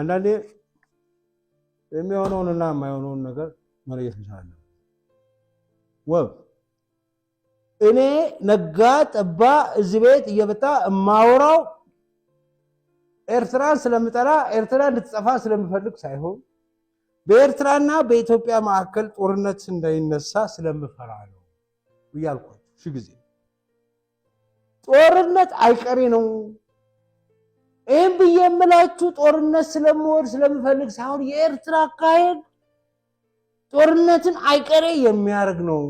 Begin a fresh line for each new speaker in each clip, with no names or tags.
አንዳንዴ የሚሆነውንና የማይሆነውን ነገር መለየት እንችላለን። ወብ እኔ ነጋ ጠባ እዚህ ቤት እየመጣ እማወራው ኤርትራን ስለምጠላ ኤርትራ እንድትጠፋ ስለምፈልግ ሳይሆን በኤርትራና በኢትዮጵያ መካከል ጦርነት እንዳይነሳ ስለምፈራ ነው እያልኳቸው ሺ ጊዜ ጦርነት አይቀሬ ነው። ይህም ብዬ የምላችሁ ጦርነት ስለምወድ ስለምፈልግ ሳይሆን የኤርትራ አካሄድ ጦርነትን አይቀሬ የሚያደርግ ነው።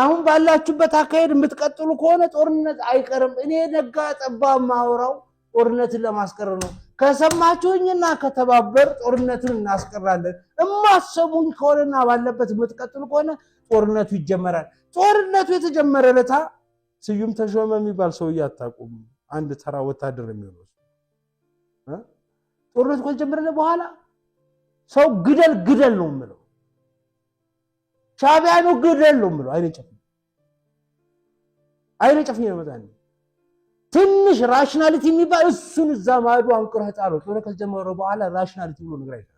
አሁን ባላችሁበት አካሄድ የምትቀጥሉ ከሆነ ጦርነት አይቀርም። እኔ ነጋ ጠባ ማውራው ጦርነትን ለማስቀር ነው። ከሰማችሁኝና ከተባበር ጦርነትን እናስቀራለን። እማሰሙኝ ከሆነና ባለበት የምትቀጥሉ ከሆነ ጦርነቱ ይጀመራል። ጦርነቱ የተጀመረ ለታ ስዩም ተሾመ የሚባል ሰውዬ አታውቁም። አንድ ተራ ወታደር ነው የሚሆነው። ጦርነት ከተጀመረ በኋላ ሰው ግደል ግደል ነው የምለው። ሻዕቢያ ነው ግደል ነው የምለው። አይነ ጨፍኝ አይነ ጨፍኝ ነው መጣ ትንሽ ራሽናሊቲ የሚባል እሱን እዛ ማዶ አንቁረህ ጣለው። ጦርነት ከተጀመረ በኋላ ራሽናሊቲ ብሎ ነገር አይደለም።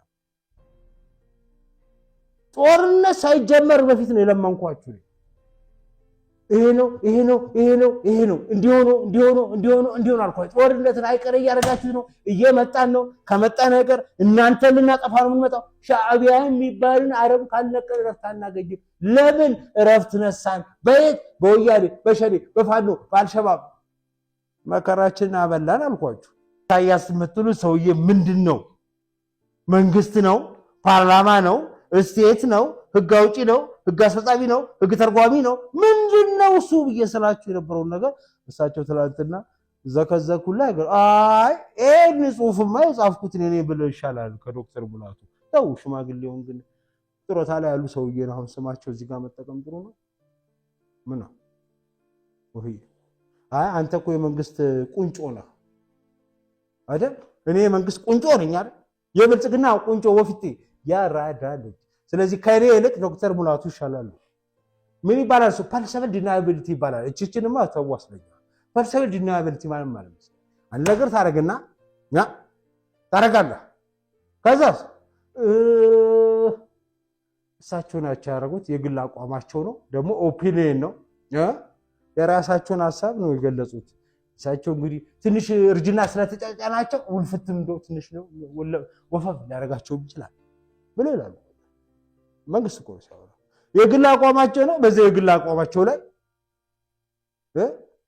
ጦርነት ሳይጀመር በፊት ነው የለመንኳችሁ። ይሄ ነው ይሄ ነው ይሄ ነው ይሄ ነው እንዲሆኑ እንዲሆኑ እንዲሆኑ እንዲሆኑ አልኳ። ጦርነትን አይቀር እያደረጋችሁ ነው። እየመጣን ነው። ከመጣ ነገር እናንተ ልናጠፋ ነው የምንመጣው። ሻዕቢያ የሚባልን አረብ ካልነቀ እረፍት አናገኝም። ለምን እረፍት ነሳን? በየት በወያኔ በሸኔ በፋኖ በአልሸባብ መከራችንን አበላን አልኳችሁ። ኢሳያስ የምትሉ ሰውዬ ምንድን ነው? መንግስት ነው? ፓርላማ ነው? እስቴት ነው? ህግ አውጪ ነው? ህግ አስፈጻሚ ነው፣ ህግ ተርጓሚ ነው፣ ምንድን ነው እሱ ብዬ ስላችሁ የነበረውን ነገር እሳቸው ትላንትና ዘከዘኩላ ይገር አይ ኤን ጽሁፍማ የጻፍኩት እኔ ብለው ይሻላል ከዶክተር ሙላቱ ተው። ሽማግሌውን ግን ጡረታ ላይ ያሉ ነው። አሁን ስማቸው እዚህ ጋር መጠቀም ጥሩ ነው። ምን ነው አይ አንተ እኮ የመንግስት ቁንጮ ነህ አይደል? እኔ የመንግስት ቁንጮ ነኝ አይደል? የብልጽግና ቁንጮ ወፊቴ ያራዳ ልጅ ስለዚህ ከእኔ ይልቅ ዶክተር ሙላቱ ይሻላሉ። ምን ይባላል እሱ ፐርሰብል ዲናቢሊቲ ይባላል። እችችንማ ተው አስለኛ። ፐርሰብል ዲናቢሊቲ ማለት ማለት አንድ ነገር ታደርግና ታደርጋለህ። ከዛ እሳቸው ናቸው ያደረጉት፣ የግል አቋማቸው ነው ደግሞ ኦፒኒየን ነው የራሳቸውን ሀሳብ ነው የገለጹት። እሳቸው እንግዲህ ትንሽ እርጅና ስለተጫጫናቸው ውልፍትም እንደው ትንሽ ወፈፍ ሊያደርጋቸውም ይችላል ብሎ ይላሉ። መንግስት እኮ ሲያወራ የግል አቋማቸው ነው። በዚያ የግል አቋማቸው ላይ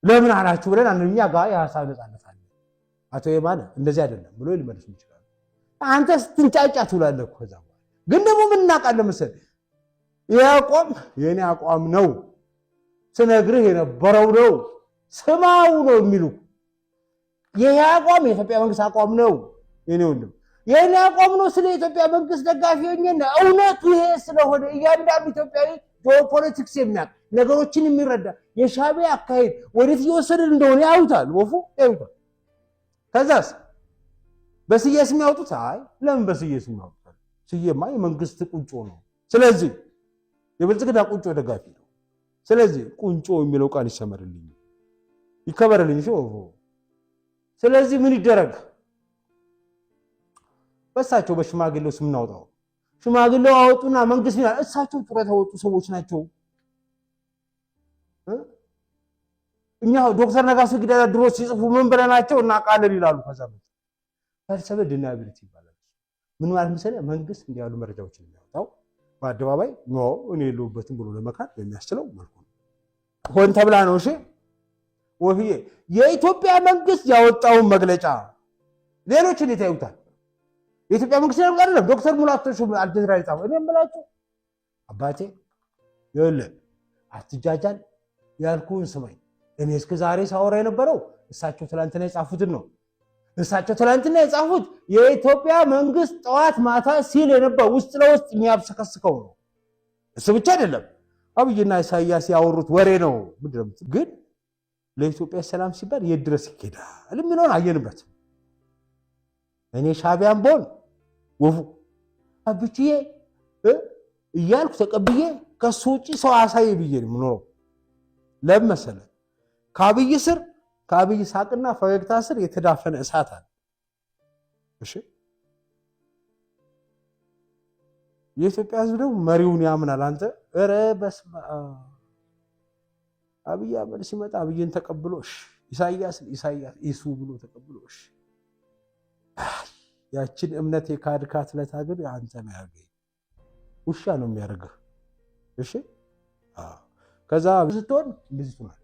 ለምን አላችሁ ብለን አንደኛ ጋር የሀሳብ ነጻነት አለ። አቶ የማነ እንደዚህ አይደለም ብሎ ሊመልስ ይችላል። አንተ ስትንጫጫ ትውላለህ። ከዛ ግን ደግሞ ምን እናውቃለን መሰለህ ይህ አቋም የእኔ አቋም ነው ስነግርህ የነበረው ነው ስማው ነው የሚሉ ይህ አቋም የኢትዮጵያ መንግስት አቋም ነው የኔ ወንድም ይህን ነው ስለ ኢትዮጵያ መንግስት ደጋፊ ሆኜና እውነቱ ይሄ ስለሆነ እያንዳንዱ ኢትዮጵያዊ ጂኦፖለቲክስ የሚያውቅ ነገሮችን የሚረዳ የሻዕቢያ አካሄድ ወዴት እየወሰድን እንደሆነ ያዩታል፣ ወፉ ያዩታል። ከዛስ በስዬ ስም ያውጡት። አይ ለምን በስዬ ስም ያውጡታል? ስዬማ የመንግስት ቁንጮ ነው። ስለዚህ የብልጽግና ቁንጮ ደጋፊ ነው። ስለዚህ ቁንጮ የሚለው ቃል ይሰመርልኝ፣ ይከበርልኝ። ስለዚህ ምን ይደረግ? በእሳቸው በሽማግሌው ስም እናውጣው። ሽማግሌው አውጡና መንግስት ይላል። እሳቸው ጡረታ የወጡ ሰዎች ናቸው። እኛ ዶክተር ነጋሶ ጊዳዳ ድሮ ሲጽፉ ምን ብለናቸው እናውቃለን ይላሉ። ከዛ መት ፈልሰበ ድናብሪት ይባላል። ምን ማለት መሰለህ? መንግስት እንዲህ ያሉ መረጃዎችን የሚያወጣው በአደባባይ ኖ እኔ የለሁበትም ብሎ ለመካድ የሚያስችለው መልኩ ነው። ሆን ተብላ ነው። እሺ ወፍዬ የኢትዮጵያ መንግስት ያወጣውን መግለጫ ሌሎች እንዴት ያዩታል? የኢትዮጵያ መንግስት ላይ አይደለም ዶክተር ሙላቱ ሾም አልጀዚራ የጻፈው። እኔ የምላችሁ አባቴ ይኸውልህ አትጃጃል ያልኩህን ስማኝ። እኔ እስከ ዛሬ ሳወራ የነበረው እሳቸው ትላንትና የጻፉትን ነው። እሳቸው ትላንትና የጻፉት የኢትዮጵያ መንግስት ጠዋት ማታ ሲል የነበር ውስጥ ለውስጥ የሚያብሰከስከው ነው። እሱ ብቻ አይደለም አብይና ኢሳያስ ያወሩት ወሬ ነው። ምንድነው ግን ለኢትዮጵያ ሰላም ሲባል የት ድረስ ይኬዳል የሚለውን አየንበት። እኔ ሻቢያን ቦን ወፉ አብችዬ እያልኩ ተቀብዬ ከሱ ውጭ ሰው አሳይ ብዬ ነው የምኖረው። ለምን መሰለህ? ከአብይ ስር ከአብይ ሳቅና ፈገግታ ስር የተዳፈነ እሳት አለ። እሺ የኢትዮጵያ ህዝብ ደግሞ መሪውን ያምናል። አንተ ኧረ በስመ አብይ አህመድ ሲመጣ አብይን ተቀብሎ ኢሳያስ ኢሳያስ ኢሱ ብሎ ተቀብሎ እሺ ያችን እምነት የካድካት ዕለት ግን አንተ ያገኝ ውሻ ነው የሚያደርግህ። እሺ ከዛ ስትሆን እንደዚህ ትሆናል።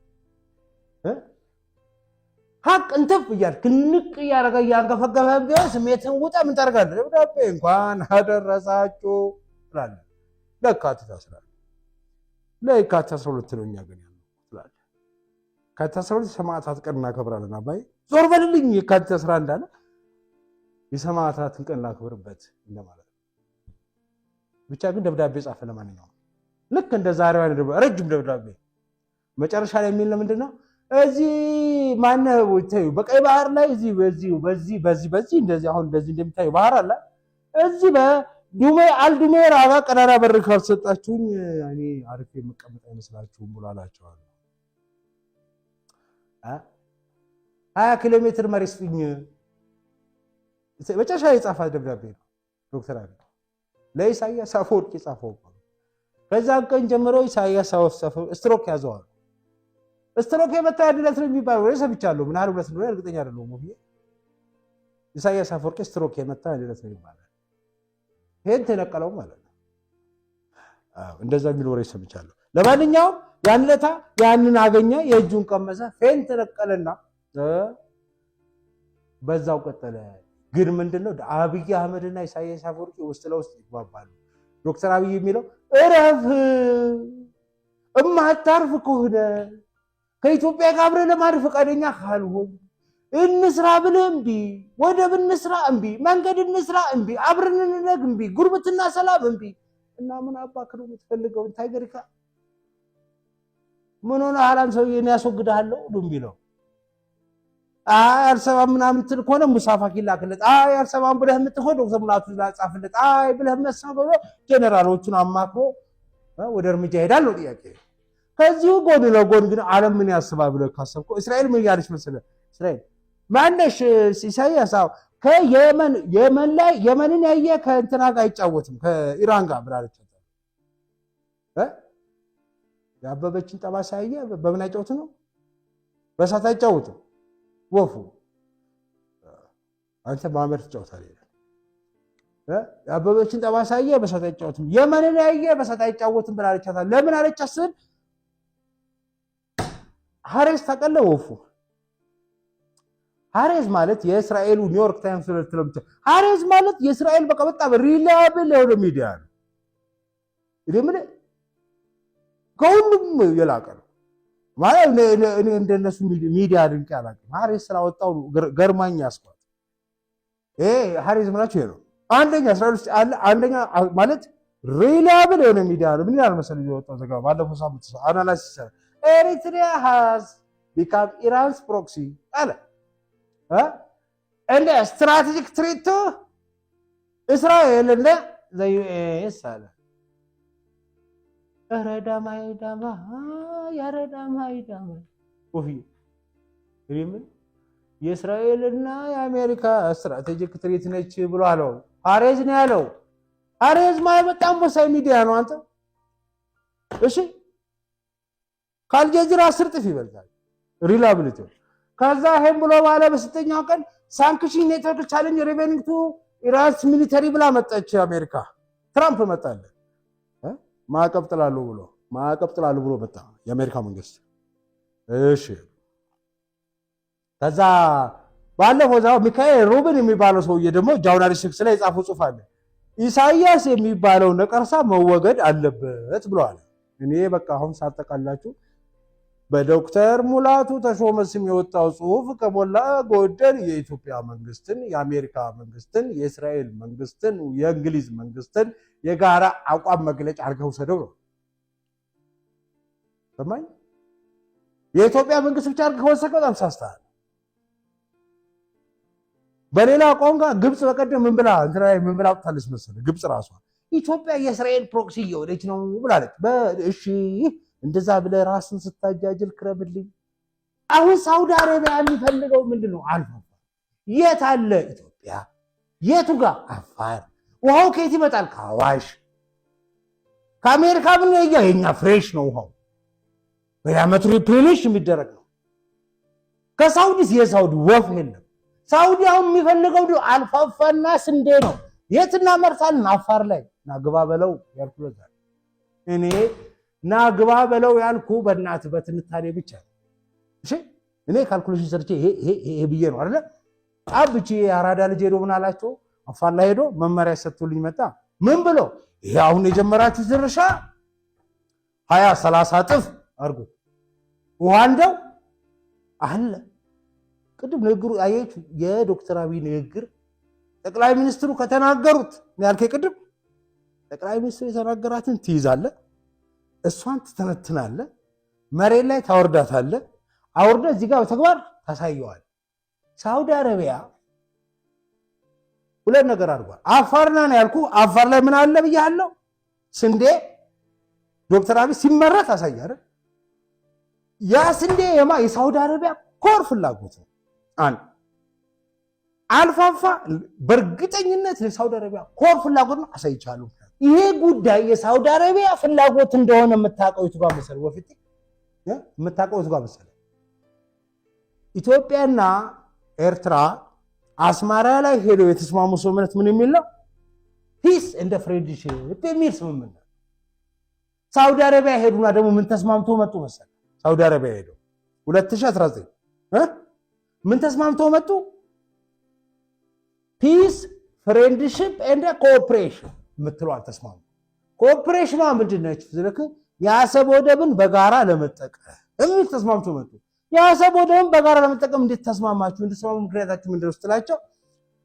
ሀቅ እንትፍ እያልክ ክንቅ እያደረገ እያንገፈገፈ ቢሆን ስሜትን ውጠ ምን ታደርጋለህ? ደብዳቤ እንኳን አደረሳችሁ ትላለ። ለካቲት አስራ ለካቲት አስራ ሁለት ነው እኛ ግን ያለው ትላለህ። ካቲት አስራ ሁለት ሰማዕታት ቀን እናከብራለን። አባይ ዞር በልልኝ የካቲት አስራ አንድ የሰማዕታትን ቀን ላክብርበት እንደማለት ብቻ ግን ደብዳቤ ጻፈ። ለማንኛውም ልክ እንደ ዛሬው አይነት ረጅም ደብዳቤ መጨረሻ ላይ የሚል ለምንድን ነው እዚህ ማነህ ተይው በቀይ ባህር ላይ እዚህ በዚህ በዚህ በዚህ በዚህ እንደዚህ አሁን እንደዚህ እንደሚታዩ ባህር አለ እዚህ በዱሜ አልዱሜ ራባ ቀዳዳ በር ካልሰጣችሁኝ እኔ አርፌ የምቀመጥ አይመስላችሁም ብሎ አላቸዋለሁ። ሀያ ኪሎ ሜትር መሬት ስጡኝ መጨረሻ የጻፋት ደብዳቤ ነው ዶክተር አብይ ለኢሳያስ አፈወርቂ የጻፈው። ከዛም ቀን ጀምሮ ኢሳያስ አወሰፈ ስትሮክ ያዘዋል። ስትሮክ የመታ ድለት ነው የሚባለው ወሬ ሰምቻለሁ። ምን ያህል እውነት እንደሆነ እርግጠኛ አይደለሁም። ኢሳያስ አፈወርቂ ስትሮክ የመታ ድለት ነው ይባላል። ይህን ተነቀለው ማለት ነው። እንደዛ የሚል ወሬ ሰምቻለሁ። ለማንኛውም ያን ዕለታ ያንን አገኘ፣ የእጁን ቀመሰ፣ ፌን ተነቀለና በዛው ቀጠለ። ግን ምንድነው አብይ አህመድና ኢሳያስ አፈወርቂ ውስጥ ለውስጥ ይግባባሉ። ዶክተር አብይ የሚለው እረፍ እማታርፍ ከሆነ ከኢትዮጵያ ጋር አብረን ለማድረግ ፈቃደኛ ካልሆን እንስራ ብለ እምቢ፣ ወደብ እንስራ እምቢ፣ መንገድ እንስራ እምቢ፣ አብረን እንነግ እምቢ፣ ጉርብትና ሰላም እምቢ እና ምን አባክ ነው የምትፈልገው? ታይገርካ ምን ሆነ አላን ሰው እኔ ያስወግድሃለሁ ሁሉ የሚለው አልሰማም ምናምን ትል ከሆነ ሙሳፋክ ይላክለት። አይ አልሰማም ብለህ የምትሆን ዶክተር ሙላቱ ጻፍለት። አይ ብለህ መስነው ብሎ ጀኔራሎቹን አማክሮ ወደ እርምጃ ይሄዳል ነው ጥያቄ። ከዚሁ ጎን ለጎን ግን ዓለም ምን ያስባል ብለህ ካሰብከው እስራኤል ምን ያለች መሰለህ? እስራኤል ማነሽ ኢሳያስ አዎ ከየመን የመን ላይ የመንን ያየ ከእንትና ጋር አይጫወትም ከኢራን ጋር ብላለች። የአበበችን ጠባሳ ያየ በምን አይጫወት ነው? በእሳት አይጫወትም። ወፉ አንተ ማመር ትጫወታለህ ይላል። የአበበችን ጠባሳ አየህ በሳት አይጫወትም፣ የመንን ያየህ በሳት አይጫወትም ብላ አለቻት። ለምን አለቻት ስል ሀሬዝ ታውቃለህ? ወፉ ሀሬዝ ማለት የእስራኤሉ ኒውዮርክ ታይምስ ስለምት ሀሬዝ ማለት የእስራኤል በቃ በጣም ሪላያብል የሆነ ሚዲያ ነው። ይህ ምን ከሁሉም የላቀ ነው። ማለት እንደነሱ ሚዲያ አድንቄ አላውቅም። ሀሬስ ስላወጣው ገርማኝ ያስኳል። ይሄ ሀሬስ ምላቸው ነው አንደኛ እስራኤል ውስጥ አለ አንደኛ ማለት ሪላብል የሆነ ሚዲያ ነው። ምን ያህል መሰለኝ የወጣው ዘገባ ባለፈው ሳምንት አናላይስ ይሰራል። ኤሪትሪያ ሃዝ ቢካም ኢራንስ ፕሮክሲ አለ እንደ ስትራቴጂክ ትሪት እስራኤል እንደ ዩኤስ አለ ረዳማ ዳማ ያረዳማ ዳማ ወፍዬ ምን የእስራኤልና የአሜሪካ ስትራቴጂክ ትሪት ነች ብሎ አለው። ሀሬዝ ነው ያለው። ሀሬዝ ማለት በጣም ወሳኝ ሚዲያ ነው። አንተ እሺ፣ ከአልጀዚራ አስር ጥፍ ይበልጣል ሪላብሊቲ። ከዛ ይሄም ብሎ ባለ በስተኛው ቀን ሳንክሽን ኔትወርክ ቻለንጅ ሪቨኒንግ ቱ ኢራንስ ሚሊተሪ ብላ መጣች አሜሪካ። ትራምፕ መጣለን ማዕቀብ ጥላሉ ብሎ ማዕቀብ ጥላሉ ብሎ መጣ የአሜሪካ መንግስት። እሺ ከዛ ባለፈው ዛ ሚካኤል ሩብን የሚባለው ሰውዬ ደግሞ ጃርናሊስቲክስ ላይ የጻፈው ጽሑፍ አለ። ኢሳያስ የሚባለው ነቀርሳ መወገድ አለበት ብለዋል። እኔ በቃ አሁን ሳጠቃላችሁ በዶክተር ሙላቱ ተሾመ ስም የወጣው ጽሁፍ ከሞላ ጎደል የኢትዮጵያ መንግስትን፣ የአሜሪካ መንግስትን፣ የእስራኤል መንግስትን፣ የእንግሊዝ መንግስትን የጋራ አቋም መግለጫ አድርገው ውሰደው ነው። ሰማኝ የኢትዮጵያ መንግስት ብቻ አድርገህ ከወሰድክ በጣም ሳስተሃል። በሌላ ቋንቋ ግብፅ በቀደም ምን ብላ እንትና ላይ ምን ብላ አውጥታለች መሰለህ? ግብፅ ራሷ ኢትዮጵያ የእስራኤል ፕሮክሲ እየሆነች ነው ብላለች። እሺ እንደዛ ብለ ራስን ስታጃጅል ክረምልኝ። አሁን ሳውዲ አረቢያ የሚፈልገው ምንድን ነው? አልፋፋ የት አለ? ኢትዮጵያ የቱ ጋር? አፋር። ውሃው ከየት ይመጣል? ከአዋሽ ከአሜሪካ ምን ያ የኛ ፍሬሽ ነው ውሃው በየአመቱ ሪፕሌኒሽ የሚደረግ ነው። ከሳውዲስ የሳውዲ ወፍ የለም። ሳውዲ አሁን የሚፈልገው አልፋፋና ስንዴ ነው። የት እናመርታለን? አፋር ላይ ናግባ በለው ያልኩለታል እኔ ና ግባ በለው ያልኩ በእናት በትንታኔ ብቻ እኔ ካልኩሌሽን ሰርቼ ይሄ ብዬ ነው አይደለ? ጣብቺ የአራዳ ልጅ ሄዶ ምን አላቸው? አፋላ ሄዶ መመሪያ ሰጥቶልኝ መጣ። ምን ብሎ ይሄ አሁን የጀመራችሁት እርሻ ሀያ ሰላሳ ጥፍ አርጉ ውሃ እንደው አለ። ቅድም ንግግሩ አያችሁ፣ የዶክተር አብይ ንግግር ጠቅላይ ሚኒስትሩ ከተናገሩት ያልከ ቅድም ጠቅላይ ሚኒስትሩ የተናገራትን ትይዛለህ እሷን ትተነትናለህ፣ መሬት ላይ ታወርዳታለህ። አውርደ እዚህ ጋር በተግባር ታሳየዋል። ሳውዲ አረቢያ ሁለት ነገር አድርጓል። አፋርና ነው ያልኩ። አፋር ላይ ምን አለ ብያለሁ? ስንዴ ዶክተር አብይ ሲመረት ታሳያለ። ያ ስንዴ የማ የሳውዲ አረቢያ ኮር ፍላጎት ነው። አንድ አልፋፋ በእርግጠኝነት የሳውዲ አረቢያ ኮር ፍላጎት ነው። አሳይቻለሁ። ይሄ ጉዳይ የሳውዲ አረቢያ ፍላጎት እንደሆነ የምታውቀው የቱ ጋር መሰለህ? ወፊት የምታውቀው የቱ ጋር መሰለህ? ኢትዮጵያና ኤርትራ አስማራ ላይ ሄዶ የተስማሙ ስምምነት ምን የሚል ነው? ፒስ እንደ ፍሬንድሺፕ የሚል ስምምነት። ሳውዲ አረቢያ ሄዱና ደግሞ ምን ተስማምቶ መጡ መሰለ? ሳውዲ አረቢያ ሄዶ 2019 ምን ተስማምቶ መጡ? ፒስ ፍሬንድሺፕ እንደ ኮኦፕሬሽን የምትለው አልተስማሙ። ኮኦፕሬሽኗ ምንድን ነች? ዝልክ የአሰብ ወደብን በጋራ ለመጠቀም የሚል ተስማምቶ መጡ። የአሰብ ወደብን በጋራ ለመጠቀም እንዴት ተስማማችሁ? እንድስማሙ ምክንያታችሁ ምንድን ነው ስትላቸው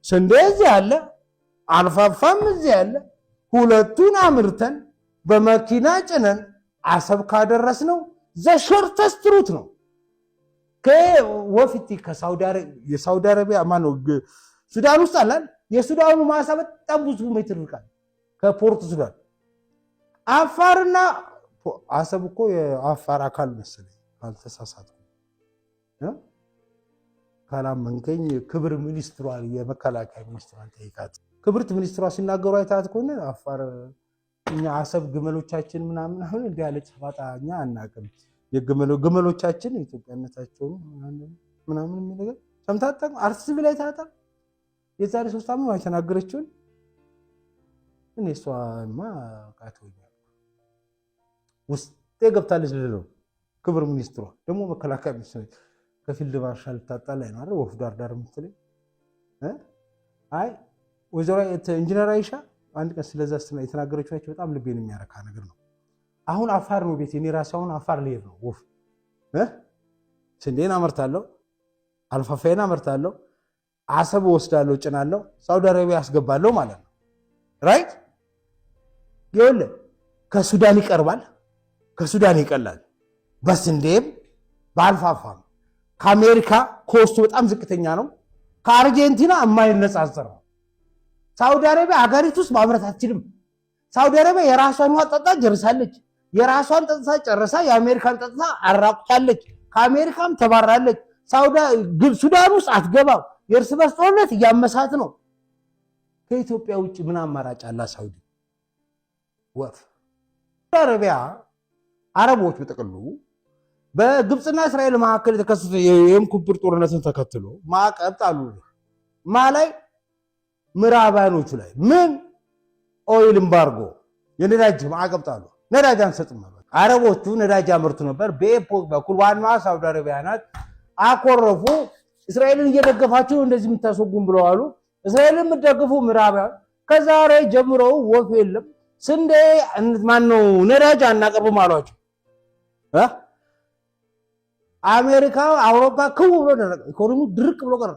ስንዴ እዚህ አለ፣ አልፋፋም እዚህ አለ። ሁለቱን አምርተን በመኪና ጭነን አሰብ ካደረስ ነው ዘሾርተስት ሩት ነው ወፊት የሳውዲ አረቢያ ማነው ሱዳን ውስጥ አላል የሱዳኑ ማሳ በጣም ብዙ ሜትር ርቃል ከፖርት ሱዳን አፋርና አሰብ እኮ የአፋር አካል መሰለኝ አልተሳሳትኩም። መንገኝ ክብር ሚኒስትሯን የመከላከያ ሚኒስትሯን ጠይቃት። ክብርት ሚኒስትሯ ሲናገሩ አይታት ከሆነ አፋር እኛ አሰብ ግመሎቻችን ምናምን አሁን እንዲህ ያለ ጭፋጣ እኛ አናውቅም። ግመሎቻችን ኢትዮጵያነታቸውን ምናምን የሚል ነገር ሰምታጠቅ አርቲስት ብላይ ታጣ የዛሬ ሶስት ዓመት የተናገረችውን እኔ እሷማ ቃተውኛል ውስጤ ገብታለች ልለው ክብር ሚኒስትሯ ደግሞ መከላከያ ሚኒስትር ከፊልድ ማርሻል ላይ ነው ወፍ ዳር ዳር የምትለኝ። አይ ወይዘሮ ኢንጂነር አይሻ አንድ ቀን ስለዛ ስና የተናገረችቸው በጣም ልቤን የሚያረካ ነገር ነው። አሁን አፋር ነው ቤት እኔ ራሴ አሁን አፋር ልሄድ ነው። ወፍ ስንዴን አመርታለሁ፣ አልፋፋዬን አመርታለሁ፣ አሰብ ወስዳለሁ፣ ጭናለሁ፣ ሳውዲ አረቢያ ያስገባለሁ ማለት ነው ራይት ይኸውልህ ከሱዳን ይቀርባል፣ ከሱዳን ይቀላል፣ በስንዴም በአልፋፋም ከአሜሪካ ኮስቱ በጣም ዝቅተኛ ነው። ከአርጀንቲና የማይነጻጸር ነው። ሳውዲ አረቢያ ሀገሪቱ ውስጥ ማምረት አትችልም። ሳውዲ አረቢያ የራሷን ውሃ ጠጣ ጨርሳለች። የራሷን ጠጥታ ጨርሳ የአሜሪካን ጠጥታ አራቁታለች። ከአሜሪካም ተባራለች። ሱዳን ውስጥ አትገባም። የእርስ በርስ ጦርነት እያመሳት ነው። ከኢትዮጵያ ውጭ ምን አማራጭ አላ ሳውዲ? ወፍ አረቢያ አረቦች በጥቅሉ በግብፅና እስራኤል መካከል የተከሰተ ኩብር ጦርነትን ተከትሎ ማዕቀብ ጣሉ። ማ ላይ ምዕራባኖቹ ላይ ምን ኦይል እምባርጎ የነዳጅ ማዕቀብ ጣሉ። ነዳጅ አንሰጥም። አረቦቹ ነዳጅ አምርቱ ነበር። በኤፖክ በኩል ዋናዋ ሳውዲ አረቢያ ናት። አኮረፉ። እስራኤልን እየደገፋችሁ እንደዚህ የምታስወጉም ብለው አሉ። እስራኤልን የምደግፉ ምዕራባውያን ከዛሬ ጀምረው ወፍ የለም ስንዴ ማነው ነዳጅ አናቀርብም አሏቸው። አሜሪካ፣ አውሮፓ ክው ብሎ ደረቀ። ኢኮኖሚ ድርቅ ብሎ ቀረ።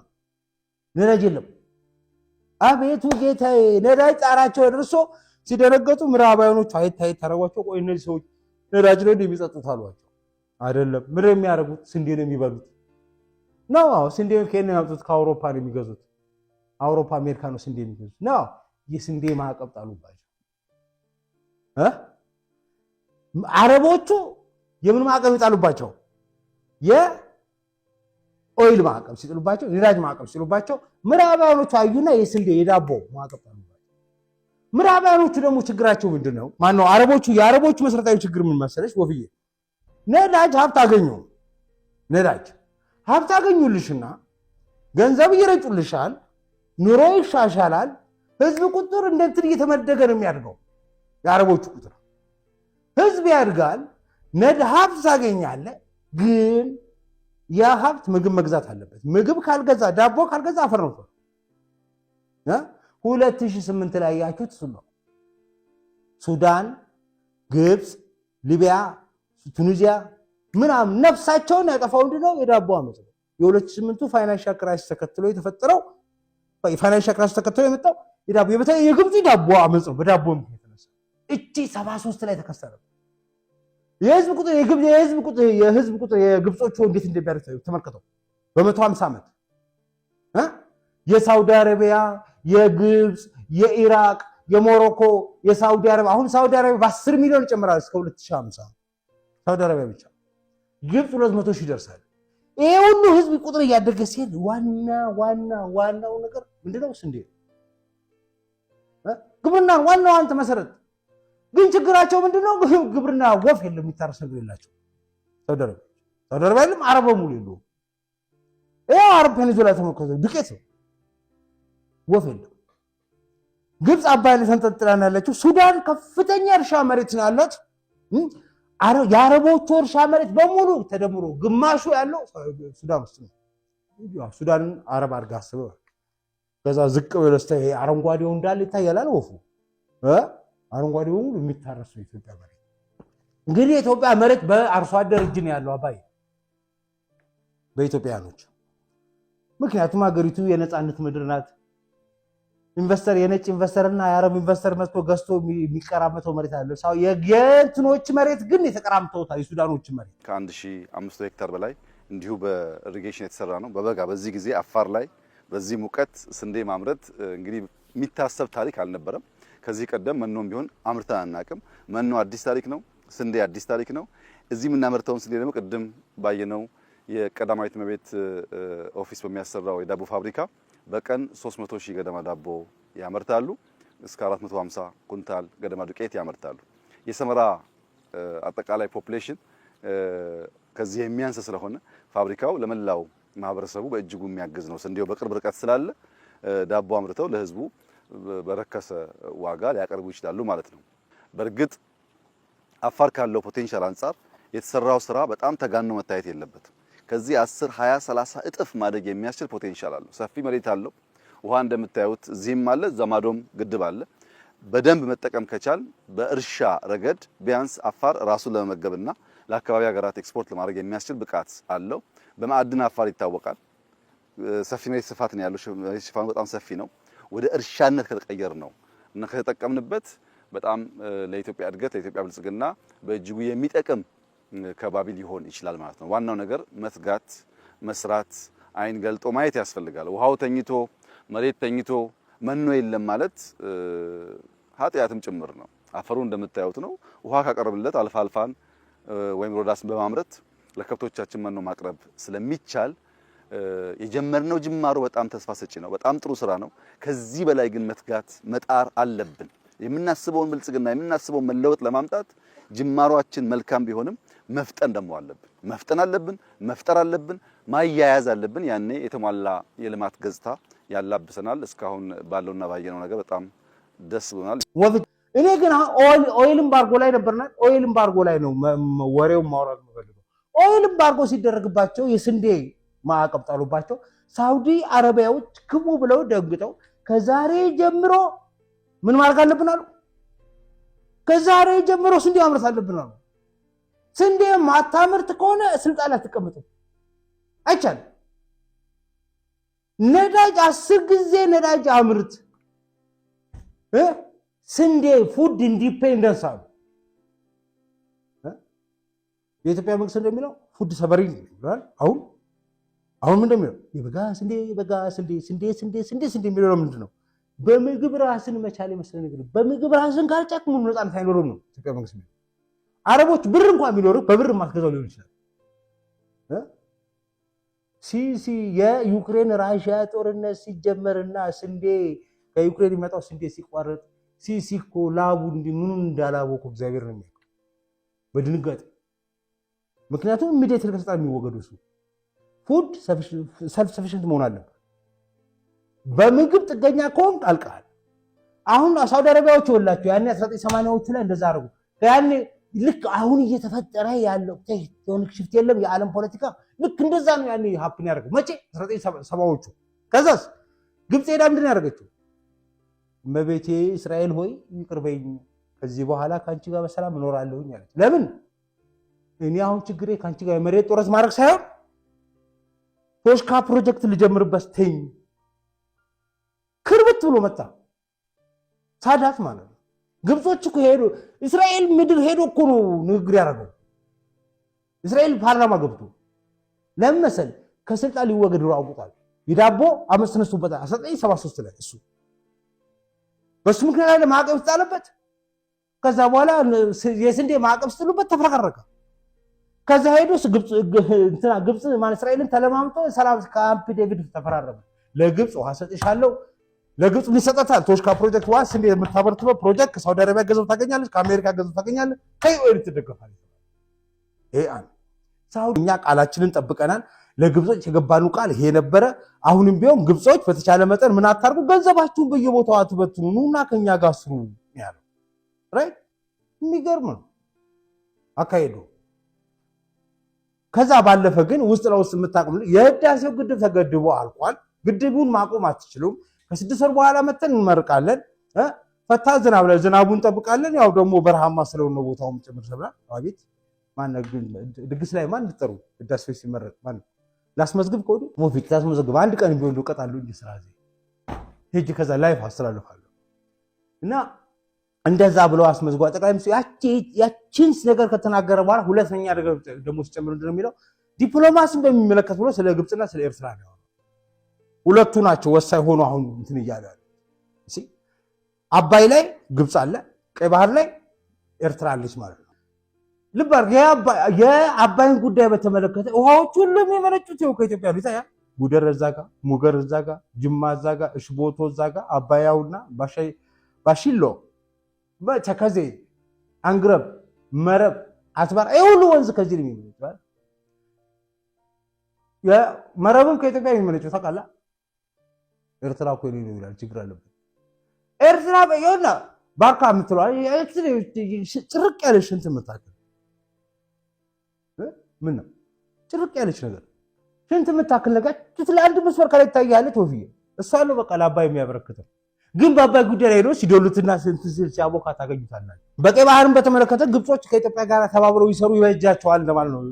ነዳጅ የለም። አቤቱ ጌታ ነዳጅ ጣራቸው ደርሶ ሲደነገጡ ምዕራባውያኖቹ አየት ተረጓቸው። ቆይ እነዚህ ሰዎች ነዳጅ ነው የሚጠጡት አሏቸው። አይደለም፣ ምድር የሚያደርጉት? ስንዴ ነው የሚበሉት ነው። ስንዴ ከየት ነው የሚያመጡት? ከአውሮፓ ነው የሚገዙት። አውሮፓ አሜሪካ ነው ስንዴ የሚገዙት ነው። የስንዴ ማዕቀብ ጣሉባቸው። አረቦቹ የምን ማዕቀብ ይጣሉባቸው? የኦይል ማዕቀብ ሲጥሉባቸው፣ ነዳጅ ማዕቀብ ሲጥሉባቸው፣ ምዕራባውያኖቹ አዩና የስንዴ የዳቦ ማዕቀብ ጣሉባቸው። ምዕራባውያኖቹ ደግሞ ችግራቸው ምንድን ነው? ማነው አረቦቹ የአረቦቹ መሰረታዊ ችግር ምን መሰለች ወፍዬ? ነዳጅ ሀብት አገኙ። ነዳጅ ሀብት አገኙልሽና ገንዘብ ይረጩልሻል፣ ኑሮ ይሻሻላል፣ ህዝብ ቁጥር እንደንትን እየተመደገ ነው የሚያድገው የአረቦቹ ቁጥር ህዝብ ያድጋል፣ ነድ ሀብት ታገኛለ። ግን ያ ሀብት ምግብ መግዛት አለበት። ምግብ ካልገዛ፣ ዳቦ ካልገዛ አፈር ነው። ሁለት ላይ ያያችሁት እሱ ነው። ሱዳን፣ ግብፅ፣ ሊቢያ፣ ቱኒዚያ ምናምን ነፍሳቸውን ያጠፋው ምንድን ነው? የዳቦ አመት ነው። የሁለት ሺህ ስምንቱ ፋይናንሻል ክራይስ ተከትሎ የተፈጠረው ፋይናንሻል ክራይስ ተከትሎ የመጣው የዳቦ የግብፅ ዳቦ አመፅ ነው። በዳቦ ምክንያት እቺ ሰባ ላይ ተከሰረ። የህዝብ ቁጥር የህዝብ ቁጥር የህዝብ ቁጥር የግብጾቹ እንዴት እንደሚያደርስ ተመልከተው። በመቶ ሃምሳ ዓመት የሳውዲ አረቢያ፣ የግብፅ፣ የኢራቅ፣ የሞሮኮ፣ የሳውዲ አረቢያ አሁን ሳውዲ አረቢያ በአስር ሚሊዮን ይጨምራል እስከ 2050 ሳውዲ አረቢያ ብቻ ግብፅ ሁለት መቶ ሺህ ይደርሳል። ይሄ ሁሉ ህዝብ ቁጥር እያደገ ሲሄድ ዋና ዋና ዋናው ነገር ምንድነው? ስንዴ ግብርና ዋናው አንተ መሰረት ግን ችግራቸው ምንድነው? ግብርና ወፍ የለም የሚታረስ ነገር የላቸው። ተደረበ ተደረበ አይደለም አረብ በሙሉ የለውም። ያው አረብ ፔኒንሱላ ተመከዘ ዱቄት ነው፣ ወፍ የለም። ግብፅ አባይን ተንጠጥላን ያለችው፣ ሱዳን ከፍተኛ እርሻ መሬት ነው ያላት። የአረቦቹ እርሻ መሬት በሙሉ ተደምሮ ግማሹ ያለው ሱዳን ውስጥ ነው። ሱዳንን አረብ አድርጋ አስበ ከዛ ዝቅ ብሎ አረንጓዴው እንዳለ ይታያላል ወፉ አረንጓዴ በሙሉ የሚታረስ ነው የኢትዮጵያ መሬት። እንግዲህ የኢትዮጵያ መሬት በአርሶ አደር እጅ ነው ያለው አባይ በኢትዮጵያውያኖች ምክንያቱም ሀገሪቱ የነፃነት ምድር ናት። ኢንቨስተር የነጭ ኢንቨስተርና የአረብ ኢንቨስተር መጥቶ ገዝቶ የሚቀራመተው መሬት አለ። የእንትኖች መሬት ግን የተቀራምተውታል፣ የሱዳኖች መሬት
ከ1500 ሄክታር በላይ እንዲሁ በኢሪጌሽን የተሰራ ነው። በበጋ በዚህ ጊዜ አፋር ላይ በዚህ ሙቀት ስንዴ ማምረት እንግዲህ የሚታሰብ ታሪክ አልነበረም። ከዚህ ቀደም መኖም ቢሆን አምርተን አናቅም። መኖ አዲስ ታሪክ ነው። ስንዴ አዲስ ታሪክ ነው። እዚህ የምናመርተውን ስንዴ ደግሞ ቅድም ባየነው የቀዳማዊት እመቤት ኦፊስ በሚያሰራው የዳቦ ፋብሪካ በቀን 300 ሺህ ገደማ ዳቦ ያመርታሉ። እስከ 450 ኩንታል ገደማ ዱቄት ያመርታሉ። የሰመራ አጠቃላይ ፖፕሌሽን ከዚህ የሚያንስ ስለሆነ ፋብሪካው ለመላው ማህበረሰቡ በእጅጉ የሚያግዝ ነው። ስንዴው በቅርብ ርቀት ስላለ ዳቦ አምርተው ለህዝቡ በረከሰ ዋጋ ሊያቀርቡ ይችላሉ ማለት ነው። በእርግጥ አፋር ካለው ፖቴንሻል አንጻር የተሰራው ስራ በጣም ተጋኖ መታየት የለበትም። ከዚህ 10፣ 20፣ 30 እጥፍ ማደግ የሚያስችል ፖቴንሻል አለው። ሰፊ መሬት አለው። ውሃ እንደምታዩት እዚህም አለ፣ ዘማዶም ግድብ አለ። በደንብ መጠቀም ከቻል በእርሻ ረገድ ቢያንስ አፋር ራሱን ለመመገብና ለአካባቢ ሀገራት ኤክስፖርት ለማድረግ የሚያስችል ብቃት አለው። በማዕድን አፋር ይታወቃል። ሰፊ መሬት ስፋት ነው ያለው። መሬት ሽፋኑ በጣም ሰፊ ነው። ወደ እርሻነት ከተቀየር ነው እና ከተጠቀምንበት በጣም ለኢትዮጵያ እድገት ለኢትዮጵያ ብልጽግና በእጅጉ የሚጠቅም ከባቢ ሊሆን ይችላል ማለት ነው። ዋናው ነገር መትጋት፣ መስራት፣ አይን ገልጦ ማየት ያስፈልጋል። ውሃው ተኝቶ መሬት ተኝቶ መኖ የለም ማለት ኃጢአትም ጭምር ነው። አፈሩ እንደምታዩት ነው። ውሃ ካቀረብለት አልፋልፋን ወይም ሮዳስን በማምረት ለከብቶቻችን መኖ ማቅረብ ስለሚቻል የጀመርነው ጅማሮ በጣም ተስፋ ሰጪ ነው። በጣም ጥሩ ስራ ነው። ከዚህ በላይ ግን መትጋት መጣር አለብን። የምናስበውን ብልጽግና የምናስበውን መለወጥ ለማምጣት ጅማሯችን መልካም ቢሆንም መፍጠን ደግሞ አለብን። መፍጠን አለብን፣ መፍጠር አለብን፣ ማያያዝ አለብን። ያኔ የተሟላ የልማት ገጽታ ያላብሰናል። እስካሁን ባለውና ባየነው ነገር በጣም ደስ
ብሎናል። እኔ ግን ኦይል ኤምባርጎ ላይ ነበርና ኦይል ኤምባርጎ ላይ ነው ወሬውን ማውራት የምፈልገው። ኦይል ኤምባርጎ ሲደረግባቸው የስንዴ ማዕቀብ ጣሉባቸው። ሳውዲ አረቢያዎች ክቡ ብለው ደንግጠው ከዛሬ ጀምሮ ምን ማድረግ አለብን አሉ። ከዛሬ ጀምሮ ስንዴ ማምረት አለብን አሉ። ስንዴ ማታምርት ከሆነ ስልጣን አትቀምጥም፣ አይቻልም። ነዳጅ አስር ጊዜ ነዳጅ አምርት፣ ስንዴ ፉድ ኢንዲፔንደንስ አሉ። የኢትዮጵያ መንግስት እንደሚለው ፉድ ሰበሪን አሁን አሁን ምንድ ነው የበጋ ስንዴ የበጋ ስንዴ ስንዴ ስንዴ ስንዴ ስንዴ የሚለው ምንድ ነው? በምግብ ራስን መቻል የመሰለ ነገር በምግብ ራስን ካልቻልክ ሙሉ ነፃነት አይኖርም ነው ኢትዮጵያ መንግስት አረቦች ብር እንኳን ቢኖርህ በብር ማስገዛው ሊሆን ይችላል። ሲሲ የዩክሬን ራሽያ ጦርነት ሲጀመርና ስንዴ ከዩክሬን የሚመጣው ስንዴ ሲቋረጥ ሲሲ እኮ ላቡ እንዲ ምኑ እንዳላቦ እኮ እግዚአብሔር ነው የሚያውቀው በድንጋጤ ምክንያቱም ሚዲያ ተልከሰጣ የሚወገዱ እሱ ፉድ ሰልፍ ሰፊሽንት መሆን አለብህ። በምግብ ጥገኛ ከሆንክ አልቀሃል። አሁን ሳውዲ አረቢያዎች ወላቸው ያኔ 1980ዎቹ ላይ እንደዛ አደረጉ። ያኔ ልክ አሁን እየተፈጠረ ያለው ቴክቶኒክ ሽፍት የለም የዓለም ፖለቲካ ልክ እንደዛ ነው። ያኔ ሀፕን ያደርገው መቼ 1970ዎቹ። ከዛስ ግብፅ ሄዳ ምንድን ያደረገችው? መቤቴ እስራኤል ሆይ ይቅርበኝ፣ ከዚህ በኋላ ከአንቺ ጋር በሰላም እኖራለሁኝ አለች። ለምን እኔ አሁን ችግሬ ከአንቺ ጋር የመሬት ጦረት ማድረግ ሳይሆን ቶሽካ ፕሮጀክት ልጀምርበት ተኝ ክርብት ብሎ መጣ። ሳዳት ማለት ነው። ግብጾች እኮ ሄዶ እስራኤል ምድር ሄዶ እኮ ነው ንግግር ያደረገው። እስራኤል ፓርላማ ገብቶ ለምን መሰል ከስልጣን ሊወገድ ብሎ አውቁቷል። የዳቦ አመት 1973 ላይ እሱ በሱ ምክንያት ላይ ማዕቀብ ስጣለበት። ከዛ በኋላ የስንዴ ማዕቀብ ስጥሉበት ተፈረቀረቀ። ከዛ ሄዶ ግብፅ ማ እስራኤልን ተለማምጦ ሰላም ካምፕ ዴቪድ ተፈራረመ። ለግብፅ ውሃ ሰጥሻለው፣ ለግብፅ ምን ቶሽካ ፕሮጀክት ዋ ስንዴ የምታበርትበው ፕሮጀክት ከሳውዲ አረቢያ ገንዘብ ታገኛለች፣ ከአሜሪካ ገንዘብ ታገኛለች፣ ከዩኤን ትደገፋል። ይሄ አንድ እኛ ቃላችንን ጠብቀናል። ለግብጾች የገባኑ ቃል ይሄ ነበረ። አሁንም ቢሆን ግብጾች በተቻለ መጠን ምን አታርጉ፣ ገንዘባችሁን በየቦታው አትበትኑ፣ ኑና ከኛ ጋር ስሩ ያለው የሚገርም ነው አካሄዱ። ከዛ ባለፈ ግን ውስጥ ለውስጥ የምታቆም የህዳሴው ግድብ ተገድቦ አልቋል። ግድቡን ማቆም አትችሉም። ከስድስት ወር በኋላ መተን እንመርቃለን። ፈታ ዝናብ ላይ ዝናቡ እንጠብቃለን። ያው ደግሞ በረሃማ ስለሆነ ቦታው ጭምር ተብላ አቤት ድግስ ላይ ማን ልጠሩ ህዳሴው ሲመረቅ ማን ላስመዝግብ ከሆኑ ሞፊት ላስመዘግብ አንድ ቀን ቢሆን እውቀት አለው እንጂ ስራ ሄጅ ከዛ ላይፍ አስተላልፋለሁ እና እንደዛ ብለው አስመዝጓል። ጠቅላይ ሚኒስትሩ ያቺን ነገር ከተናገረ በኋላ ሁለተኛ ነገር ደግሞ ሲጨምር ምንድን ነው የሚለው ዲፕሎማሲን በሚመለከት ብሎ ስለ ግብፅና ስለ ኤርትራ ነው። ሁለቱ ናቸው ወሳኝ ሆኖ አሁን እንትን እያለ አባይ ላይ ግብፅ አለ፣ ቀይ ባህር ላይ ኤርትራ አለች ማለት ነው። ልብ አድርግ። የአባይን ጉዳይ በተመለከተ ውሃዎች ሁሉም የመነጩት ው ከኢትዮጵያ ነው። ይታያል። ጉደር እዛ ጋ፣ ሙገር እዛ ጋ፣ ጅማ እዛ ጋ፣ እሽቦቶ እዛ ጋ፣ አባያውና ባሽሎ ተከዜ፣ አንግረብ፣ መረብ፣ አስባራ ይህ ሁሉ ወንዝ ከዚህ ነው የሚመነጨው። መረብም ከኢትዮጵያ የሚመነጨው ታውቃለህ። ኤርትራ እኮ ነው ይላል፣ ችግር አለበት ኤርትራ በየሆነ ባርካ የምትለዋ ጭርቅ ያለሽ እንትን የምታክል ምን ነው ጭርቅ ያለች ነገር ሽንት የምታክል ነገር አንድ መስመር ከላይ ትታያለች። ወፍዬ እሷ ነው በቃ ለአባይ የሚያበረክተው ግን በአባይ ጉዳይ ላይ ሄዶ ሲዶሉትና ስንትስል ሲያቦካ ታገኙታላችሁ። በቀይ ባህርን በተመለከተ ግብጾች ከኢትዮጵያ ጋር ተባብረው ይሰሩ ይበጃቸዋል ለማለት ነው።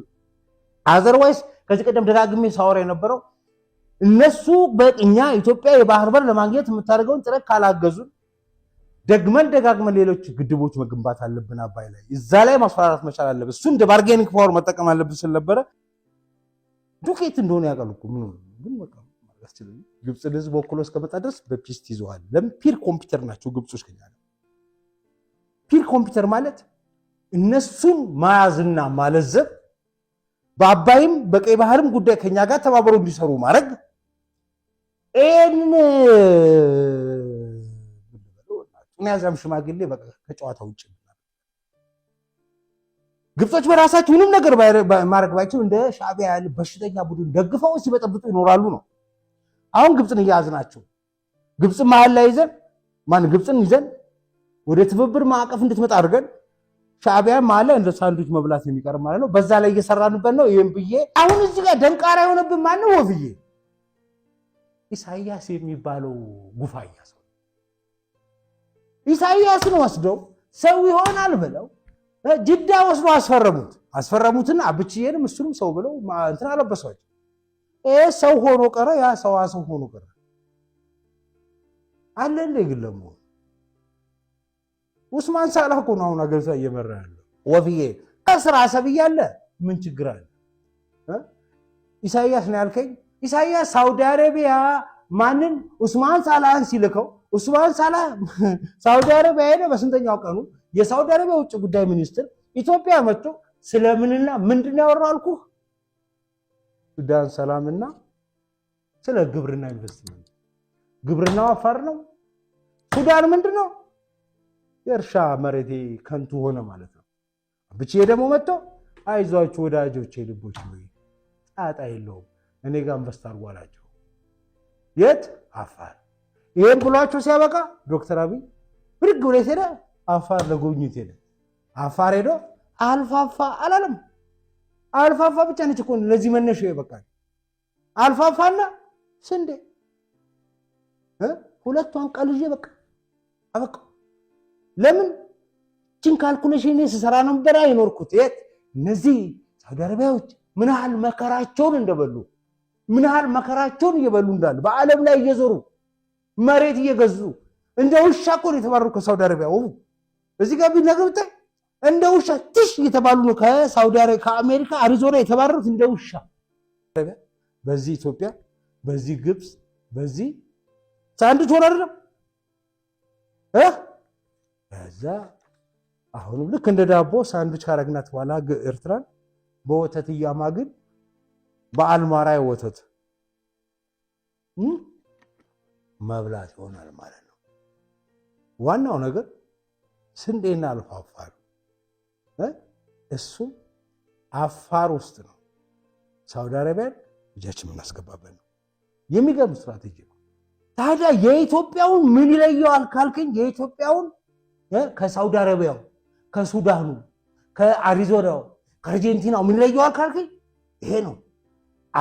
አዘርዋይስ ከዚህ ቀደም ደጋግሜ ሳወራ የነበረው እነሱ በቅኛ ኢትዮጵያ የባህር በር ለማግኘት የምታደርገውን ጥረት ካላገዙን ደግመን ደጋግመን ሌሎች ግድቦች መገንባት አለብን። አባይ ላይ እዛ ላይ ማስፈራራት መቻል አለብን። እሱ እንደ ባርጌኒንግ ፓወር መጠቀም አለብን ስለነበረ ዱቄት እንደሆነ ያውቃሉ። ምን ግን ግብፅን ህዝብ ወክሎ እስከመጣ ድረስ በፒስት ይዘዋል። ለምን ፒር ኮምፒውተር ናቸው ግብጾች ከኛ ነው። ፒር ኮምፒውተር ማለት እነሱን ማያዝና ማለዘብ፣ በአባይም በቀይ ባህርም ጉዳይ ከኛ ጋር ተባብረው እንዲሰሩ ማድረግ ይህን ጡንያዛም ሽማግሌ ከጨዋታ ውጭ ግብጾች በራሳቸው ምንም ነገር ማድረግ ባይችሉ እንደ ሻዕቢያ ያለ በሽተኛ ቡድን ደግፈው ሲበጠብጡ ይኖራሉ ነው። አሁን ግብፅን እያያዝናቸው ግብፅን መሀል ላይ ይዘን ማን ግብፅን ይዘን ወደ ትብብር ማዕቀፍ እንድትመጣ አድርገን ሻዕቢያን ማለ እንደ ሳንዱች መብላት የሚቀርብ ማለት ነው። በዛ ላይ እየሰራንበት ነው። ይህም ብዬ አሁን እዚህ ጋር ደንቃራ የሆነብን ማነው? ወብዬ ኢሳያስ የሚባለው ጉፋያ ሰው ኢሳያስን ወስደው ሰው ይሆናል ብለው ጅዳ ወስዶ አስፈረሙት። አስፈረሙትና አብችዬንም እሱንም ሰው ብለው እንትን አለበሷቸው። ሰው ሆኖ ቀረ። ያ ሰው አሰው ሆኖ ቀረ። አለ እንደ ግለሙ ኡስማን ሳላህ እኮ ነው አሁን አገሪቷ እየመራ ያለው። ወፍዬ ከስራ አሰብ እያለ ምን ችግር አለ? ኢሳያስ ነው ያልከኝ። ኢሳያስ ሳውዲ አረቢያ ማንን? ኡስማን ሳላህን ሲልከው ኡስማን ሳላህ ሳውዲ አረቢያ ሄደ። በስንተኛው ቀኑ የሳውዲ አረቢያ ውጭ ጉዳይ ሚኒስትር ኢትዮጵያ መጥቶ ስለምንና ምንድን ያወራልኩህ ሱዳን ሰላምና ስለ ግብርና ኢንቨስትመንት ግብርናው አፋር ነው። ሱዳን ምንድን ነው? የእርሻ መሬቴ ከንቱ ሆነ ማለት ነው። ብቻዬ ደግሞ መጥቶ አይዟችሁ ወዳጆች፣ ልቦች ወይ ጣጣ የለውም እኔ ጋር ኢንቨስት አድርጉ አላቸው። የት አፋር። ይህም ብሏቸው ሲያበቃ ዶክተር አብይ ብድግ ብሎ ሄደ። አፋር ለጉብኝት ሄደ። አፋር ሄዶ አልፋፋ አላለም። አልፋፋ ብቻ ነች እኮ ለዚህ መነሻ ይበቃል። አልፋፋና ስንዴ ሁለቷን ቀልዤ በቃ አበቃ። ለምን ችን ካልኩሌሽን ስሰራ ነበር አይኖርኩት። የት እነዚህ ሳውዲ አረቢያዎች ምን ያህል መከራቸውን እንደበሉ ምን ያህል መከራቸውን እየበሉ እንዳሉ በዓለም ላይ እየዞሩ መሬት እየገዙ እንደ ውሻ እኮ ነው የተባረሩ ከሳውዲ አረቢያ። እዚህ ጋር ቢነግብታይ እንደ ውሻ ትሽ እየተባሉ ነው ከሳውዲ አረቢያ ከአሜሪካ አሪዞና የተባረሩት እንደ ውሻ። በዚህ ኢትዮጵያ፣ በዚህ ግብፅ፣ በዚህ ሳንድች ሆነ አይደለም። ከዛ አሁንም ልክ እንደ ዳቦ ሳንድች ካረግናት በኋላ ኤርትራን በወተት እያማግን በአልማራ ወተት መብላት ይሆናል ማለት ነው። ዋናው ነገር ስንዴና አልፋፋ ነው። እሱም አፋር ውስጥ ነው። ሳውዲ አረቢያን ልጃችን የምናስገባበት ነው። የሚገርም ስትራቴጂ ነው። ታዲያ የኢትዮጵያውን ምን ይለየዋል ካልክኝ የኢትዮጵያውን ከሳውዲ አረቢያው፣ ከሱዳኑ፣ ከአሪዞናው፣ ከአርጀንቲናው ምን ይለየዋል ካልክኝ ይሄ ነው።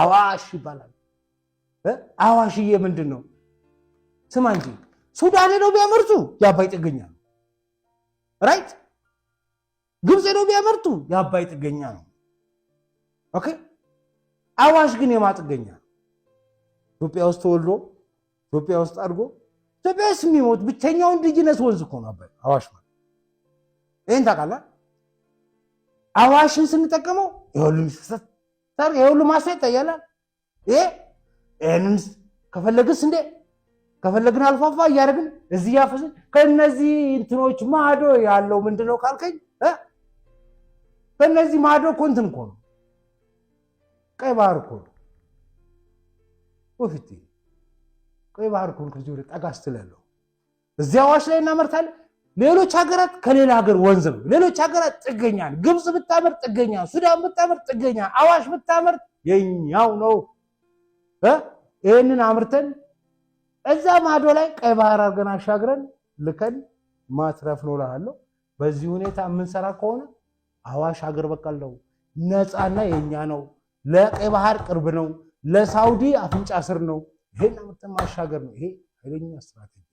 አዋሽ ይባላል። አዋሽዬ ምንድን ነው? ስማ እንጂ ሱዳኔ ነው ቢያመርቱ የአባይ ጥገኛ ራይት ግብፅ ነው ቢያመርቱ የአባይ ጥገኛ ነው። ኦኬ አዋሽ ግን የማ ጥገኛ ነው። ኢትዮጵያ ውስጥ ተወልዶ ኢትዮጵያ ውስጥ አድጎ ኢትዮጵያ ውስጥ የሚሞት ብቸኛው ኢንዲጂነስ ወንዝ እኮ ነው አባይ አዋሽ ማለት ይህን ታውቃለህ። አዋሽን ስንጠቀመው የሁሉ ማሳ ይታያላል። ይሄ ይህንን ከፈለግስ እንዴ ከፈለግን አልፏፋ እያደረግን እዚህ ያፈስን ከእነዚህ እንትኖች ማዶ ያለው ምንድነው ካልከኝ በእነዚህ ማዶ እኮ እንትን እኮ ነው ቀይ ባህር እኮ ወፊት ቀይ ባህር እኮ ከዚህ ወደ ጠጋ ስትለለው እዚህ አዋሽ ላይ እናመርታለን። ሌሎች ሀገራት ከሌላ ሀገር ወንዝ ነው። ሌሎች ሀገራት ጥገኛ፣ ግብፅ ብታመር ጥገኛ፣ ሱዳን ብታመር ጥገኛ፣ አዋሽ ብታመር የኛው ነው። ይህንን አምርተን እዛ ማዶ ላይ ቀይ ባህር አድርገን አሻግረን ልከን ማትረፍ ነው በዚህ ሁኔታ የምንሰራ ከሆነ አዋሽ ሀገር በቀል ነው፣ ነፃና የኛ ነው። ለቀይ ባህር ቅርብ ነው። ለሳውዲ አፍንጫ ስር ነው። ይሄን ምርት ማሻገር ነው። ይሄ ኃይለኛ ስትራቴጂ